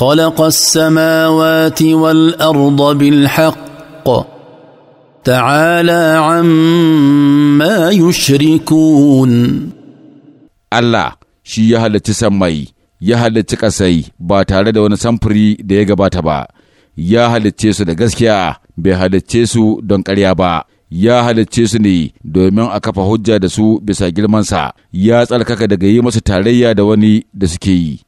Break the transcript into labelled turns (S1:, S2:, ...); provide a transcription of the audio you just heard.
S1: خلق السماوات والارض بالحق
S2: تعالى عما يشركون الله shi ya halarci sammai ya halarci ƙasai ba tare da wani samfuri da ya gabata ba ya halarce su da gaskiya bai halarce su don ƙarya ba ya halarce su ne domin a kafa hujja da su bisa girmansa ya tsarkaka daga yi masu tarayya da wani da suke yi